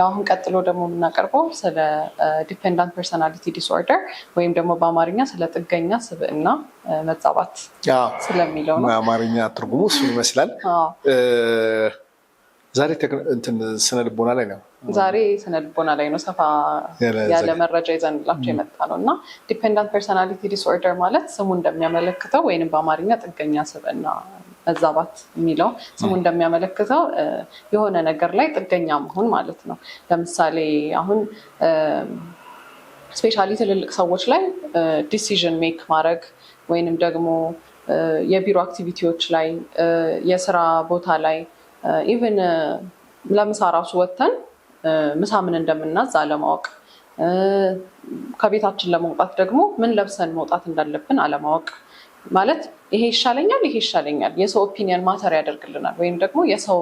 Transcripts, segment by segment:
ያው አሁን ቀጥሎ ደግሞ የምናቀርበው ስለ ዲፔንዳንት ፐርሶናሊቲ ዲስኦርደር ወይም ደግሞ በአማርኛ ስለ ጥገኛ ስብዕና መዛባት ስለሚለው ነው። አማርኛ ትርጉሙ እሱ ይመስላል። ዛሬ ስነ ልቦና ላይ ነው። ዛሬ ስነ ልቦና ላይ ነው ሰፋ ያለ መረጃ ይዘንላቸው የመጣ ነው እና ዲፔንዳንት ፐርሶናሊቲ ዲስኦርደር ማለት ስሙ እንደሚያመለክተው ወይም በአማርኛ ጥገኛ ስብዕና መዛባት የሚለው ስሙ እንደሚያመለክተው የሆነ ነገር ላይ ጥገኛ መሆን ማለት ነው። ለምሳሌ አሁን ስፔሻሊ ትልልቅ ሰዎች ላይ ዲሲዥን ሜክ ማድረግ ወይንም ደግሞ የቢሮ አክቲቪቲዎች ላይ የስራ ቦታ ላይ ኢቨን ለምሳ ራሱ ወጥተን ምሳ ምን እንደምናዝ አለማወቅ፣ ከቤታችን ለመውጣት ደግሞ ምን ለብሰን መውጣት እንዳለብን አለማወቅ ማለት ይሄ ይሻለኛል፣ ይሄ ይሻለኛል፣ የሰው ኦፒኒየን ማተር ያደርግልናል ወይም ደግሞ የሰው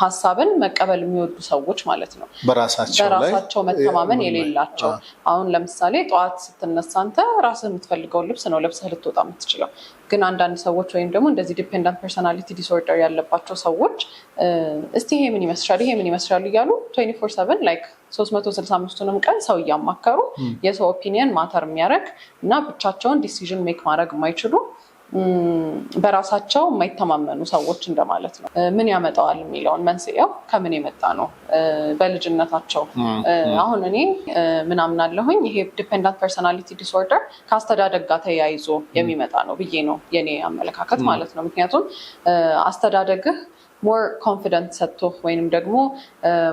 ሀሳብን መቀበል የሚወዱ ሰዎች ማለት ነው። በራሳቸው መተማመን የሌላቸው አሁን ለምሳሌ ጠዋት ስትነሳ አንተ ራስህ የምትፈልገውን ልብስ ነው ለብሰህ ልትወጣ የምትችለው። ግን አንዳንድ ሰዎች ወይም ደግሞ እንደዚህ ዲፔንዳንት ፐርሶናሊቲ ዲስኦርደር ያለባቸው ሰዎች እስቲ ይሄ ምን ይመስላል ይሄ ምን ይመስላል እያሉ ትዌንቲ ፎር ሰቨን ላይክ 365ቱንም ቀን ሰው እያማከሩ የሰው ኦፒኒየን ማተር የሚያደርግ እና ብቻቸውን ዲሲዥን ሜክ ማድረግ የማይችሉ በራሳቸው የማይተማመኑ ሰዎች እንደማለት ነው። ምን ያመጣዋል የሚለውን መንስኤው ከምን የመጣ ነው? በልጅነታቸው አሁን እኔ ምናምን አለሁኝ ይሄ ዲፔንዳንት ፐርሶናሊቲ ዲስኦርደር ከአስተዳደግ ጋር ተያይዞ የሚመጣ ነው ብዬ ነው የኔ አመለካከት ማለት ነው። ምክንያቱም አስተዳደግህ ሞር ኮንፊደንት ሰጥቶህ ወይንም ደግሞ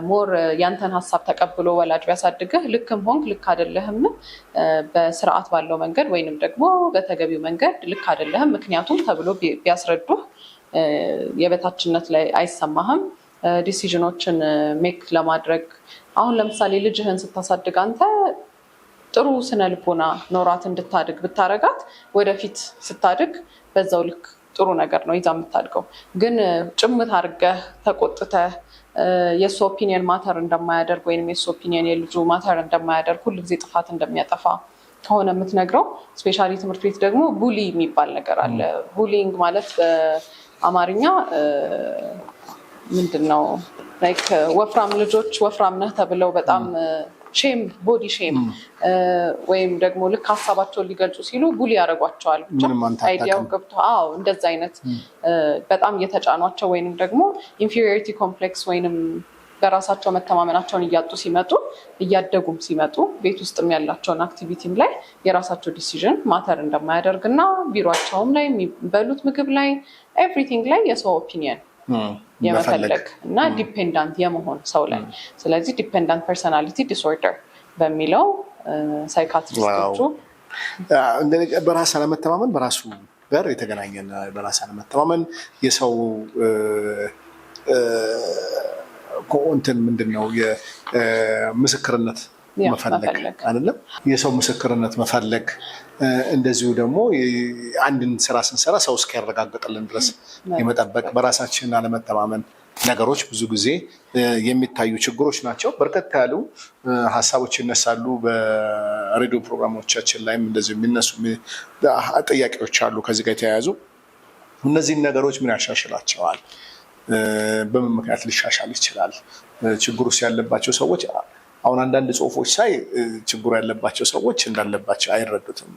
ሞር ያንተን ሀሳብ ተቀብሎ ወላጅ ቢያሳድግህ ልክም ሆንክ ልክ አይደለህም በስርዓት ባለው መንገድ ወይንም ደግሞ በተገቢው መንገድ ልክ አይደለህም ምክንያቱም ተብሎ ቢያስረዱህ የበታችነት ላይ አይሰማህም። ዲሲዥኖችን ሜክ ለማድረግ አሁን ለምሳሌ ልጅህን ስታሳድግ አንተ ጥሩ ስነ ልቦና ኖራት እንድታድግ ብታረጋት ወደፊት ስታድግ በዛው ልክ ጥሩ ነገር ነው ይዛ የምታድገው። ግን ጭምት አድርገህ ተቆጥተህ የእሱ ኦፒኒየን ማተር እንደማያደርግ ወይም የእሱ ኦፒኒየን የልጁ ማተር እንደማያደርግ ሁልጊዜ ጥፋት እንደሚያጠፋ ከሆነ የምትነግረው ስፔሻሊ ትምህርት ቤት ደግሞ ቡሊ የሚባል ነገር አለ። ቡሊንግ ማለት በአማርኛ ምንድን ነው? ወፍራም ልጆች ወፍራም ነህ ተብለው በጣም ሼም ቦዲ ሼም ወይም ደግሞ ልክ ሀሳባቸውን ሊገልጹ ሲሉ ቡሊ ያደርጓቸዋል። አይዲያው ገብቶ አዎ፣ እንደዛ አይነት በጣም እየተጫኗቸው ወይንም ደግሞ ኢንፌሪዮሪቲ ኮምፕሌክስ ወይንም በራሳቸው መተማመናቸውን እያጡ ሲመጡ እያደጉም ሲመጡ ቤት ውስጥም ያላቸውን አክቲቪቲም ላይ የራሳቸው ዲሲዥን ማተር እንደማያደርግ እና ቢሯቸውም ላይ የሚበሉት ምግብ ላይ ኤቭሪቲንግ ላይ የሰው ኦፒኒየን የመፈለግ እና ዲፔንዳንት የመሆን ሰው ላይ። ስለዚህ ዲፔንዳንት ፐርሰናሊቲ ዲስኦርደር በሚለው ሳይካትሪስቶቹ በራስ አለመተማመን በራሱ ጋር የተገናኘ በራስ አለመተማመን የሰው ኮንትን ምንድን ነው መፈለግ አይደለም የሰው ምስክርነት መፈለግ እንደዚሁ ደግሞ አንድን ስራ ስንሰራ ሰው እስኪያረጋግጥልን ድረስ የመጠበቅ በራሳችን አለመተማመን ነገሮች ብዙ ጊዜ የሚታዩ ችግሮች ናቸው። በርከት ያሉ ሀሳቦች ይነሳሉ። በሬዲዮ ፕሮግራሞቻችን ላይም እንደዚህ የሚነሱ ጥያቄዎች አሉ። ከዚህ ጋር የተያያዙ እነዚህን ነገሮች ምን ያሻሽላቸዋል? በምን ምክንያት ሊሻሻል ይችላል? ውስጥ ያለባቸው ሰዎች አሁን አንዳንድ ጽሁፎች ሳይ ችግሩ ያለባቸው ሰዎች እንዳለባቸው አይረዱትም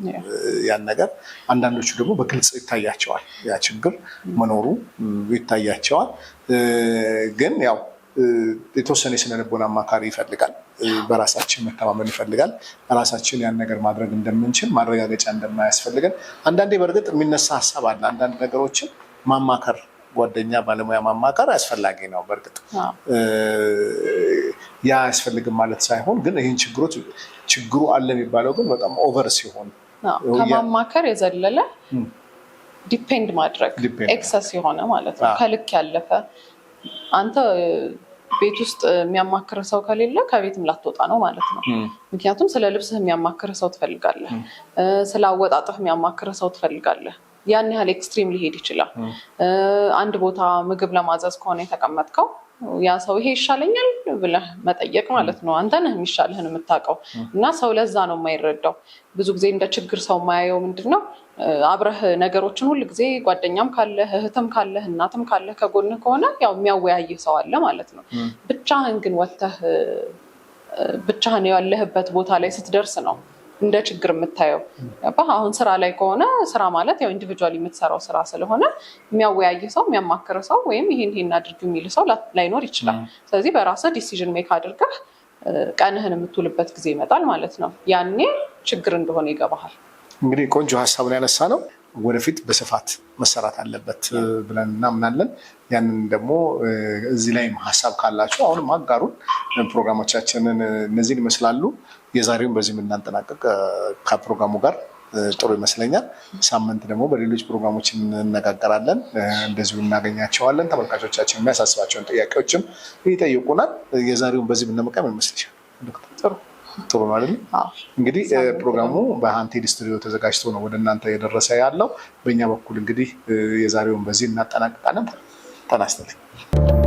ያን ነገር። አንዳንዶቹ ደግሞ በግልጽ ይታያቸዋል፣ ያ ችግር መኖሩ ይታያቸዋል። ግን ያው የተወሰነ የስነ ልቦና አማካሪ ይፈልጋል፣ በራሳችን መተማመን ይፈልጋል፣ ራሳችን ያን ነገር ማድረግ እንደምንችል ማረጋገጫ እንደማያስፈልገን። አንዳንዴ በእርግጥ የሚነሳ ሀሳብ አለ አንዳንድ ነገሮችን ማማከር ጓደኛ ባለሙያ ማማከር አስፈላጊ ነው። በእርግጥ ያ አያስፈልግም ማለት ሳይሆን ግን ይህን ችግሮች ችግሩ አለ የሚባለው ግን በጣም ኦቨር ሲሆን ከማማከር የዘለለ ዲፔንድ ማድረግ ኤክሰስ የሆነ ማለት ነው፣ ከልክ ያለፈ አንተ ቤት ውስጥ የሚያማክር ሰው ከሌለ ከቤትም ላትወጣ ነው ማለት ነው። ምክንያቱም ስለ ልብስህ የሚያማክር ሰው ትፈልጋለህ፣ ስለ አወጣጥህ የሚያማክር ሰው ትፈልጋለህ። ያን ያህል ኤክስትሪም ሊሄድ ይችላል። አንድ ቦታ ምግብ ለማዘዝ ከሆነ የተቀመጥከው ያ ሰው ይሄ ይሻለኛል ብለህ መጠየቅ ማለት ነው። አንተ ነህ የሚሻልህን የምታውቀው እና ሰው ለዛ ነው የማይረዳው። ብዙ ጊዜ እንደ ችግር ሰው የማያየው ምንድን ነው አብረህ ነገሮችን ሁል ጊዜ ጓደኛም ካለህ እህትም ካለህ እናትም ካለህ ከጎንህ ከሆነ ያው የሚያወያይህ ሰው አለ ማለት ነው። ብቻህን ግን ወጥተህ ብቻህን ያለህበት ቦታ ላይ ስትደርስ ነው እንደ ችግር የምታየው አሁን ስራ ላይ ከሆነ ስራ ማለት ያው ኢንዲቪጁዋል የምትሰራው ስራ ስለሆነ የሚያወያይ ሰው የሚያማክር ሰው ወይም ይህን ይህን አድርግ የሚል ሰው ላይኖር ይችላል። ስለዚህ በራስህ ዲሲዥን ሜክ አድርገህ ቀንህን የምትውልበት ጊዜ ይመጣል ማለት ነው። ያኔ ችግር እንደሆነ ይገባሃል። እንግዲህ ቆንጆ ሀሳብ ነው ያነሳ ነው። ወደፊት በስፋት መሰራት አለበት ብለን እናምናለን። ያንን ደግሞ እዚህ ላይም ሀሳብ ካላችሁ አሁንም አጋሩን። ፕሮግራሞቻችንን እነዚህን ይመስላሉ። የዛሬውን በዚህ የምናጠናቀቅ ከፕሮግራሙ ጋር ጥሩ ይመስለኛል። ሳምንት ደግሞ በሌሎች ፕሮግራሞች እንነጋገራለን፣ እንደዚሁ እናገኛቸዋለን። ተመልካቾቻችን የሚያሳስባቸውን ጥያቄዎችም ይጠይቁናል። የዛሬውን በዚህ ብንመቀም ይመስልሻል ዶክተር? ጥሩ ነው አይደል? እንግዲህ ፕሮግራሙ በሀንቴድ ስቱዲዮ ተዘጋጅቶ ነው ወደ እናንተ የደረሰ ያለው። በእኛ በኩል እንግዲህ የዛሬውን በዚህ እናጠናቅቃለን። ጤና ይስጥልኝ።